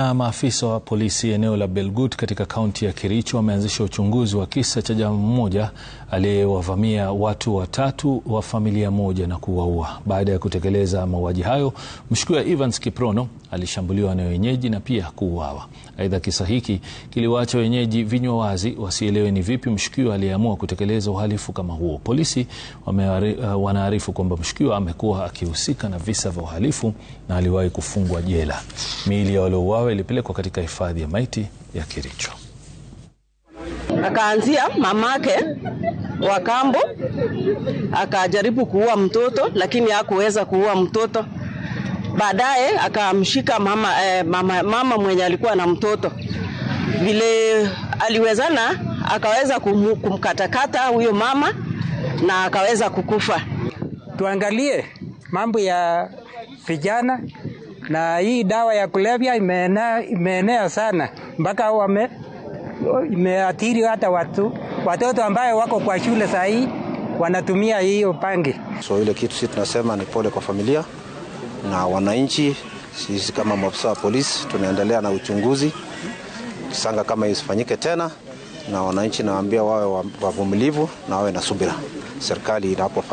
Na maafisa wa polisi eneo la Belgut katika kaunti ya Kericho wameanzisha uchunguzi wa kisa cha jamaa mmoja aliyewavamia watu watatu wa familia moja na kuwaua. Baada ya kutekeleza mauaji hayo, mshukiwa Evans Kiprono alishambuliwa na wenyeji na pia kuuawa. Aidha, kisa hiki kiliwaacha wenyeji vinywa wazi, wasielewe ni vipi mshukiwa aliyeamua kutekeleza uhalifu kama huo. Polisi uh, wanaarifu kwamba mshukiwa amekuwa akihusika na visa vya uhalifu na aliwahi kufungwa jela. Miili ya waliouawa ilipelekwa katika hifadhi ya maiti ya Kericho. Akaanzia mamake wa kambo, akajaribu kuua mtoto lakini hakuweza kuua mtoto. Baadaye akamshika mama, eh, mama, mama mwenye alikuwa na mtoto vile aliwezana, akaweza kum, kumkatakata huyo mama na akaweza kukufa. Tuangalie mambo ya vijana na hii dawa ya kulevya imeenea, imeenea sana mpaka wame imeathiri hata watu watoto ambayo wako kwa shule saa hii wanatumia hiyo pangi. So ile kitu sisi tunasema ni pole kwa familia na wananchi. Sisi kama maafisa wa polisi tunaendelea na uchunguzi kisanga kama isifanyike tena, na wananchi nawaambia wawe wavumilivu na wawe na subira serikali inapo